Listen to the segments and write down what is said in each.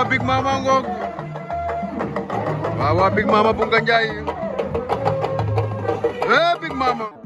waaw Big Mama ngoog waaw waaw Big Mama bu nga njaay eh Big Mama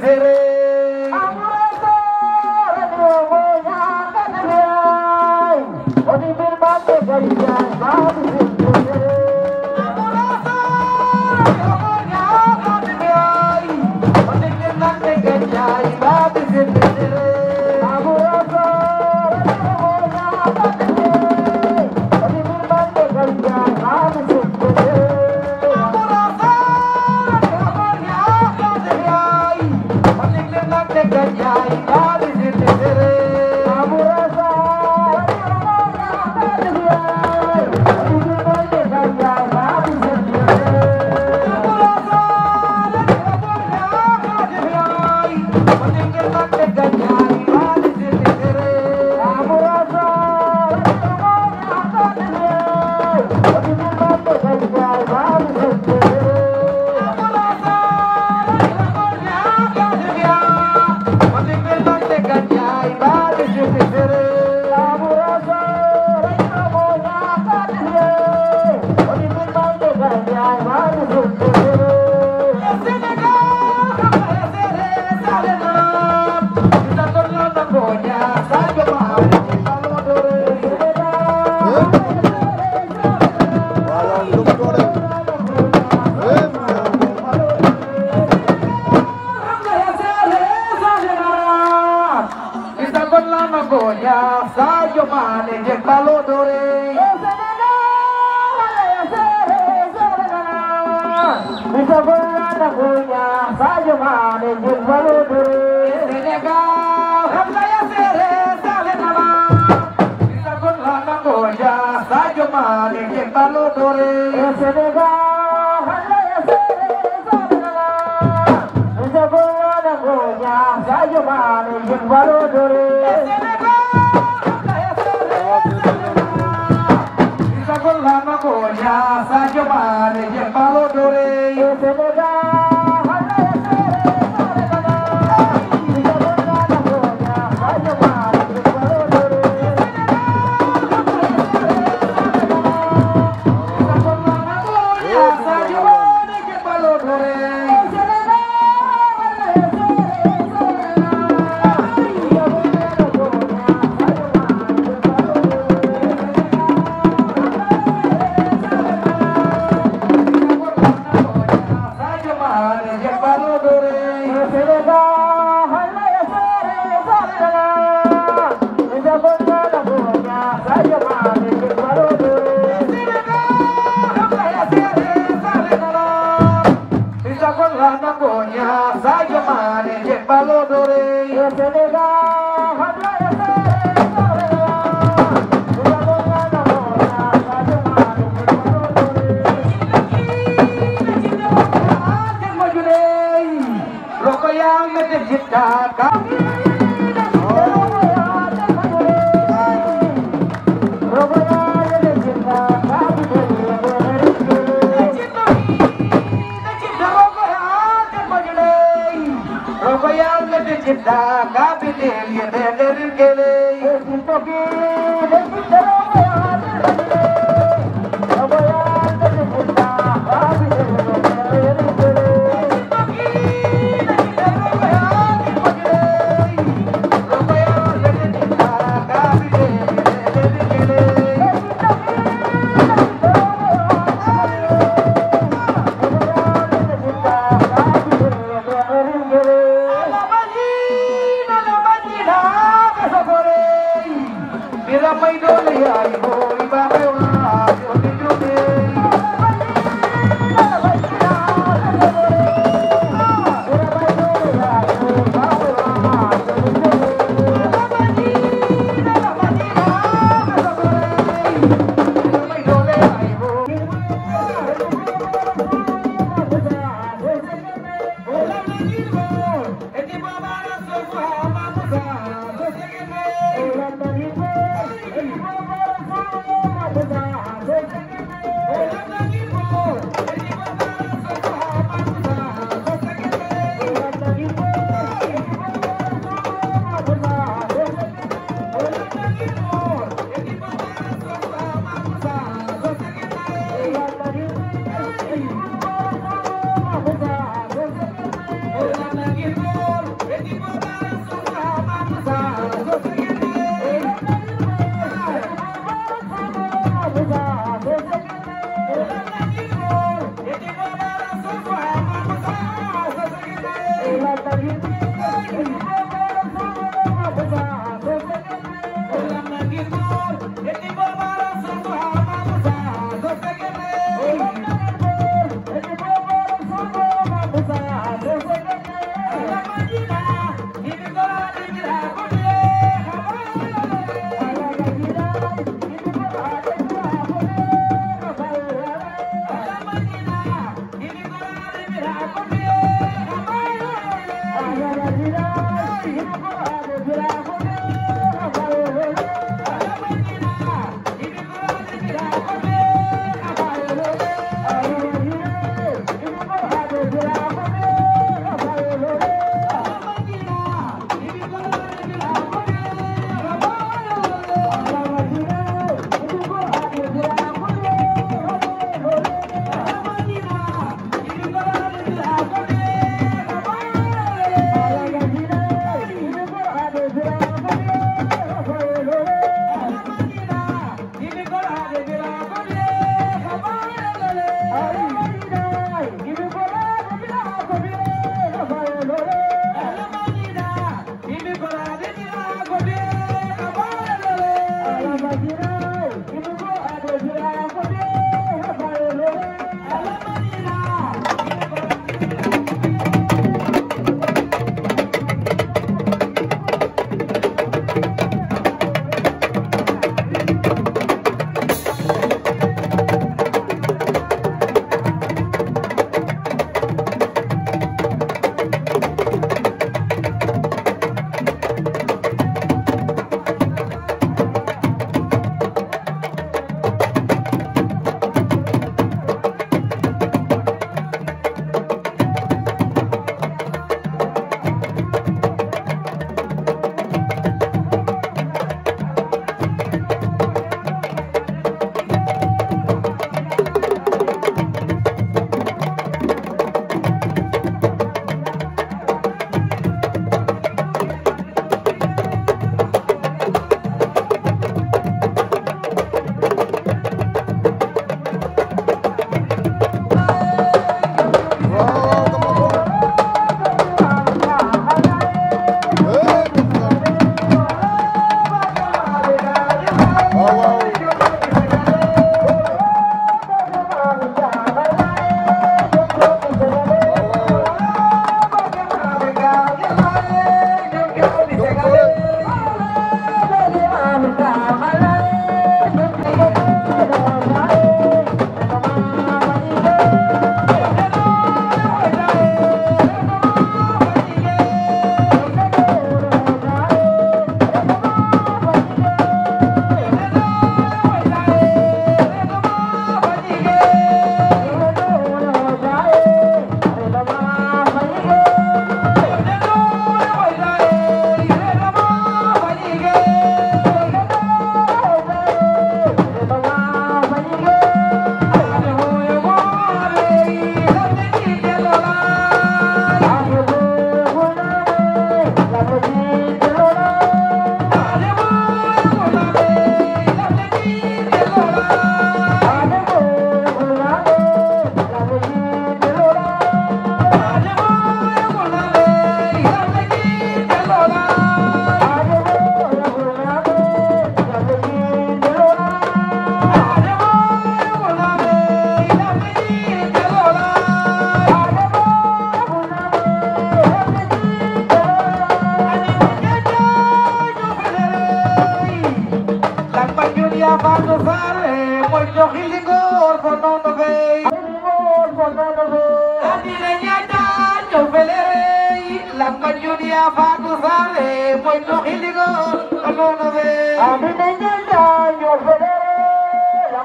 it. আলো ধরে untuk di David Darrow. Adina Nyanja, Nyanja,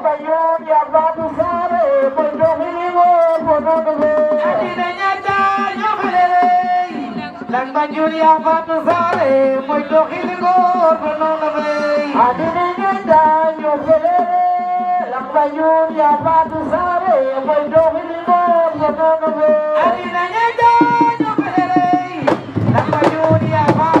Nyanja, Nyanja, Nyanja, Nyanja,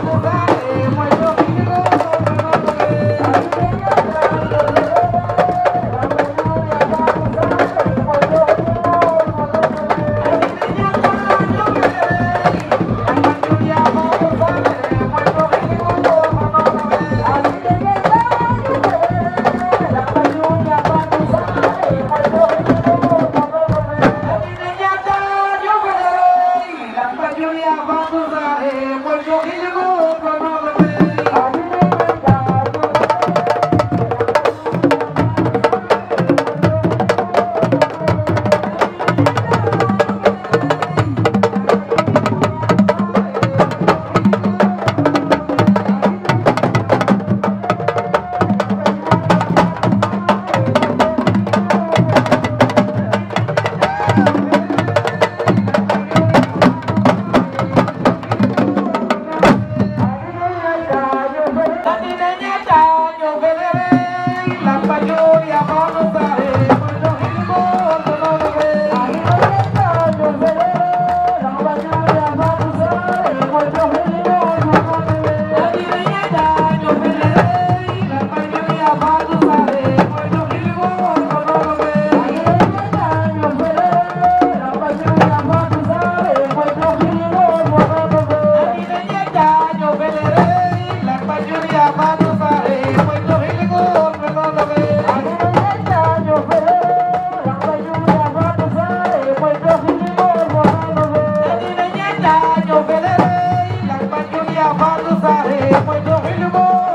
mooy doxinu moom